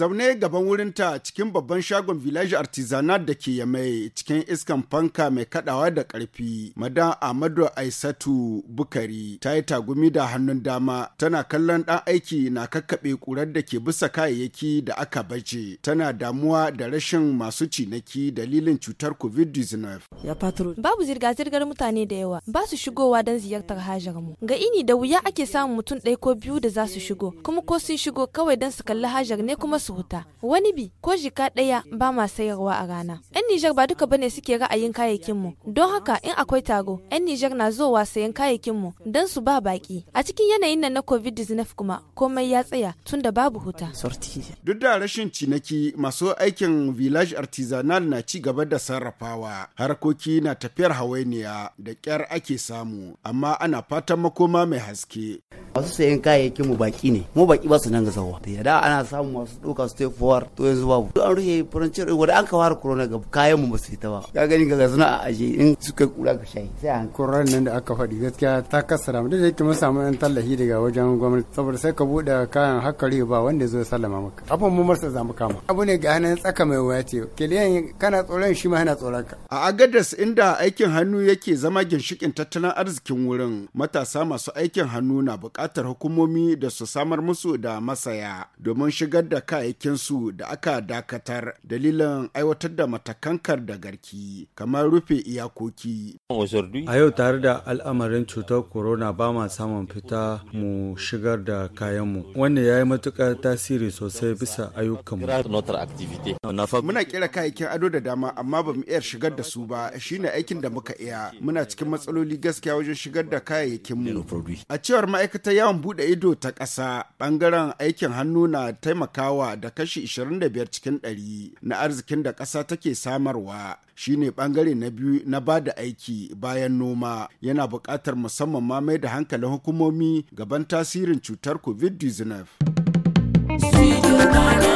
zaune gaban wurinta cikin babban shagon village artisanal da ke yamai cikin iskan fanka mai kadawa da karfi madan amadu aisatu bukari ta yi tagumi da hannun dama tana kallon ɗan aiki na kakkaɓe ƙurar da ke bisa kayayyaki da aka baje tana damuwa da rashin masu cinaki dalilin cutar covid-19 babu zirga-zirgar mutane da yawa ba su shigowa don ziyartar hajar mu ga ini da wuya ake samun mutum ɗaya ko biyu da za su shigo kuma ko sun shigo kawai don su kalli hajar ne kuma su su huta wani bi ko jika ɗaya ba ma sayarwa a rana yan nijar ba duka bane suke ra'ayin kayayyakin mu don haka in akwai taro yan nijar na zowa sayan kayayyakin mu don su ba baki a cikin yanayin nan na covid-19 kuma komai ya tsaya tunda babu huta duk da rashin cinaki masu aikin village artisanal na ci gaba da sarrafawa harkoki na tafiyar hawainiya da kyar ake samu amma ana fatan makoma mai haske masu sayan kayayyakin mu baki ne mu baki ba su nan ga zawa da ana samu masu ka su fuwar to yanzu babu duk an rufe furancin wanda an ka fara korona ga kayan mu ba su ta ba ka gani ga suna a aje in suka kura ka shayi sai an corona nan da aka faɗi gaskiya ta kasara mu da yake mun samu ɗan tallafi daga wajen gwamnati saboda sai ka buɗe kayan hakkari ba wanda zai sallama maka abu mu marsa za mu kama abu ne ga hannun tsaka mai waya ce kiliyan kana tsoron shi ma yana tsoron ka a agadas inda aikin hannu yake zama ginshikin tattalin arzikin wurin matasa masu aikin hannu na buƙatar hukumomi da su samar musu da masaya domin shigar da kai aikinsu da aka dakatar dalilin aiwatar da matakankar da garki kamar rufe iyakoki. A yau tare da al'amarin cutar corona ba ma samun fita mu shigar da kayanmu. Wannan ya yi matuƙar tasiri sosai bisa ayyukanmu. Muna kira kayayyakin ado da dama amma ba mu iya shigar da su ba shine aikin da muka iya. Muna cikin matsaloli gaskiya wajen shigar da kayayyakinmu. A cewar ma'aikatar yawon buɗe ido ta ƙasa ɓangaren aikin hannu na taimakawa da kashi 25 cikin 100 na arzikin da ƙasa take samarwa shine bangare na biyu na ba da aiki bayan noma yana buƙatar musamman ma mai da hankalin hukumomi gaban tasirin cutar covid-19.